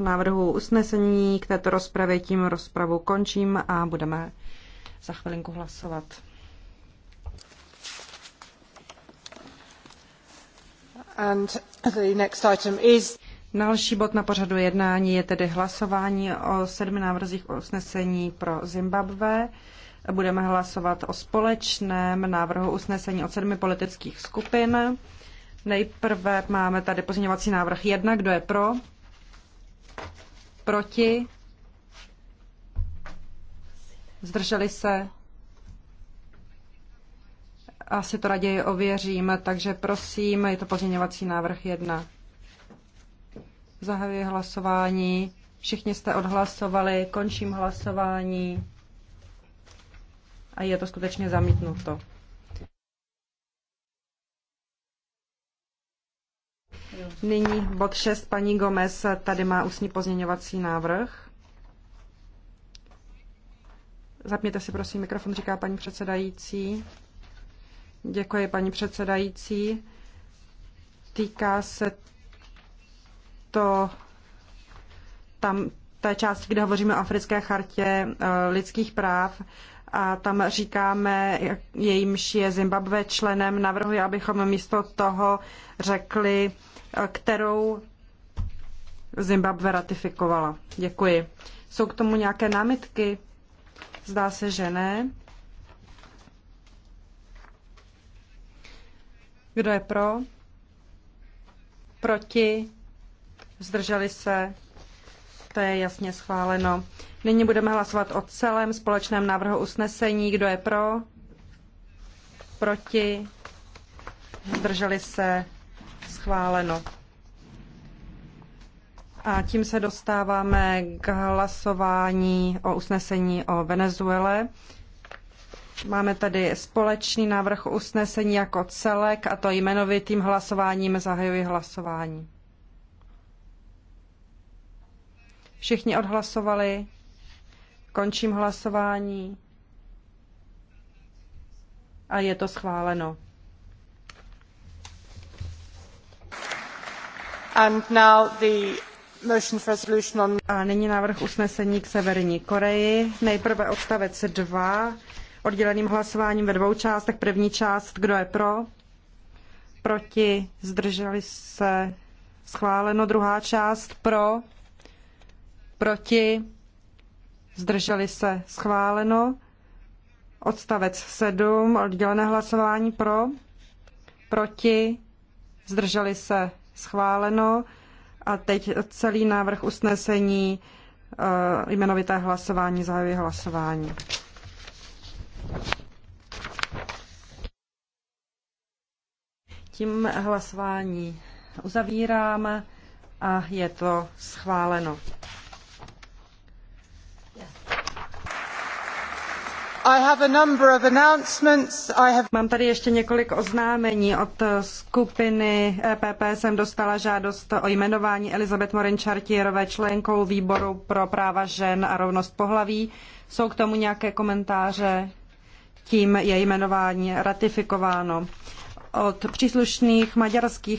návrhu usnesení k této rozpravě. Tím rozpravu končím a budeme za chvilinku hlasovat. And the next item is... Další bod na pořadu jednání je tedy hlasování o sedmi návrzích usnesení pro Zimbabwe. Budeme hlasovat o společném návrhu usnesení od sedmi politických skupin. Nejprve máme tady pozměňovací návrh 1. Kdo je pro? Proti? Zdrželi se? Asi to raději ověřím, takže prosím, je to pozměňovací návrh 1. Zahajuji hlasování. Všichni jste odhlasovali, končím hlasování a je to skutečně zamítnuto. Nyní bod 6, paní Gomez, tady má ústní pozměňovací návrh. Zapněte si prosím mikrofon, říká paní předsedající. Děkuji, paní předsedající. Týká se to tam té části, kde hovoříme o Africké chartě eh, lidských práv a tam říkáme, jejímž je Zimbabwe členem, navrhuji, abychom místo toho řekli kterou Zimbabwe ratifikovala. Děkuji. Jsou k tomu nějaké námitky? Zdá se, že ne. Kdo je pro? Proti? Zdrželi se? To je jasně schváleno. Nyní budeme hlasovat o celém společném návrhu usnesení. Kdo je pro? Proti? Zdrželi se? schváleno. A tím se dostáváme k hlasování o usnesení o Venezuele. Máme tady společný návrh usnesení jako celek a to jmenovitým hlasováním zahajuji hlasování. Všichni odhlasovali. Končím hlasování. A je to schváleno. A nyní návrh usnesení k Severní Koreji. Nejprve odstavec two odděleným hlasováním ve dvou částech. První část, kdo je pro? Proti? Zdrželi se? Schváleno. Druhá část, pro? Proti? Zdrželi se? Schváleno. Odstavec seven oddělené hlasování pro? Proti? Zdrželi se? schváleno. A teď celý návrh usnesení, eh, jmenovité hlasování, zahajuje hlasování. Tím hlasování uzavírám a je to schváleno. Mám tady ještě několik oznámení. Od skupiny EPP jsem dostala žádost o jmenování Elizabet Morin Chartierové členkou výboru pro práva žen a rovnost pohlaví. Jsou k tomu nějaké komentáře? Tím je jmenování ratifikováno. Od příslušných maďarských